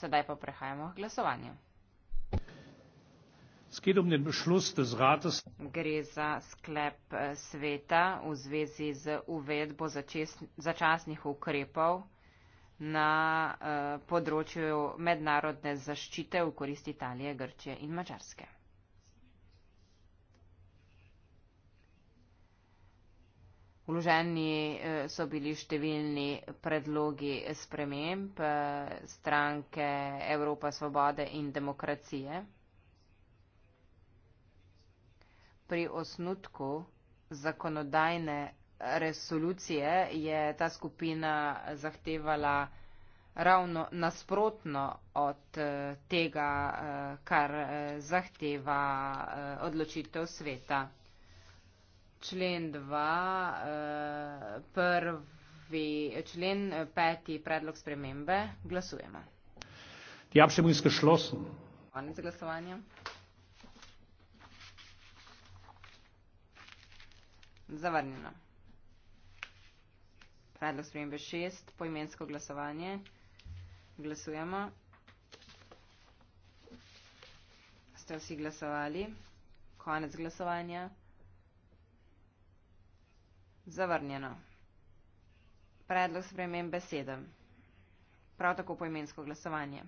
Sedaj pa prehajamo k glasovanju. Um Gre za sklep eh, sveta v zvezi z uvedbo začasnih ukrepov na eh, področju mednarodne zaščite v korist Italije, Grčije in Mačarske. Vloženi eh, so bili številni predlogi sprememb eh, stranke Evropa svobode in demokracije. Pri osnutku zakonodajne resolucije je ta skupina zahtevala ravno nasprotno od eh, tega, kar zahteva odločitev sveta člen 2, eh, prvi člen, peti predlog spremembe, glasujemo. Die Abstimmung ist geschlossen. Zavrnjeno. Predlog spremembe šest, poimensko glasovanje. Glasujemo. Ste vsi glasovali? Konec glasovanja. Zavrnjeno. Predlog spremem besede. Prav tako poimensko glasovanje.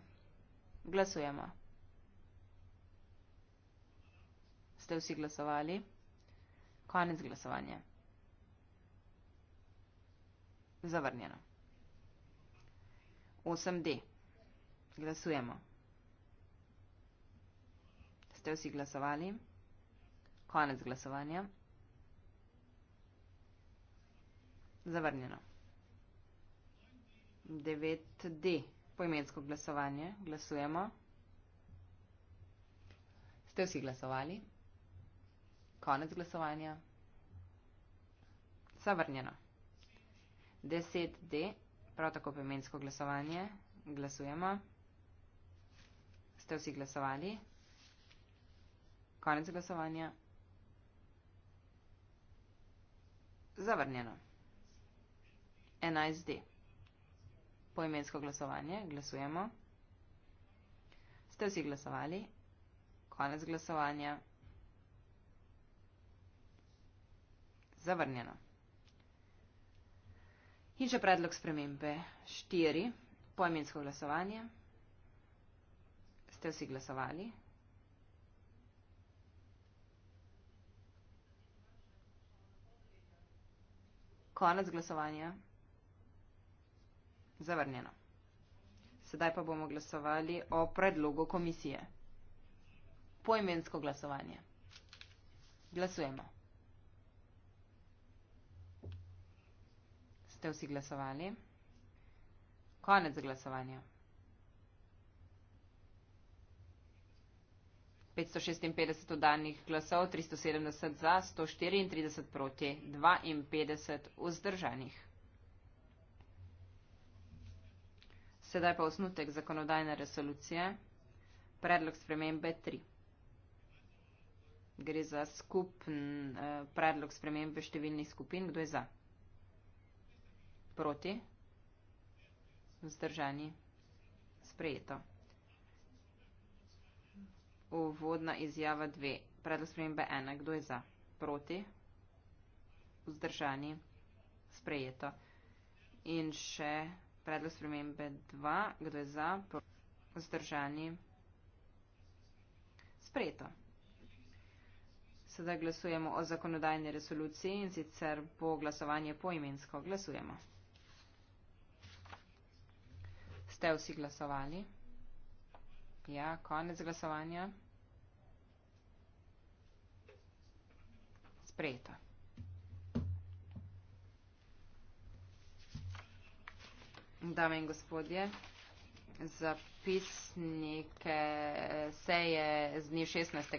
Glasujemo. Ste vsi glasovali? Konec glasovanja. Zavrnjeno. 8D. Glasujemo. Ste vsi glasovali? Konec glasovanja. Zavrnjeno. 9D. Poimensko glasovanje. Glasujemo. Ste vsi glasovali? Konec glasovanja. Zavrnjeno. 10D. Prav tako poimensko glasovanje. Glasujemo. Ste vsi glasovali? Konec glasovanja. Zavrnjeno. 11D. Poimensko glasovanje, glasujemo. Ste vsi glasovali? Konec glasovanja. Zavrnjeno. In še predlog spremembe. 4. Poimensko glasovanje. Ste vsi glasovali? Konec glasovanja. Zavrnjeno. Sedaj pa bomo glasovali o predlogu komisije. Poimensko glasovanje. Glasujemo. Ste vsi glasovali? Konec glasovanja. 556 oddanih glasov, 370 za, 134 proti, 52 vzdržanih. Sedaj pa osnutek zakonodajne resolucije, predlog spremembe 3. Gre za skupen eh, predlog spremembe številnih skupin. Kdo je za? Proti? Vzdržani? Sprejeto. Uvodna izjava 2. Predlog spremembe 1. Kdo je za? Proti? Vzdržani? Sprejeto. In še predlog spremembe 2. Kdo je za? Zdržani. Sprejeto. Sedaj glasujemo o zakonodajni resoluciji in sicer bo glasovanje poimensko. Glasujemo. Ste vsi glasovali? Ja, konec glasovanja. Sprejeto. Dame in gospodje, zapisnike seje z dne 16.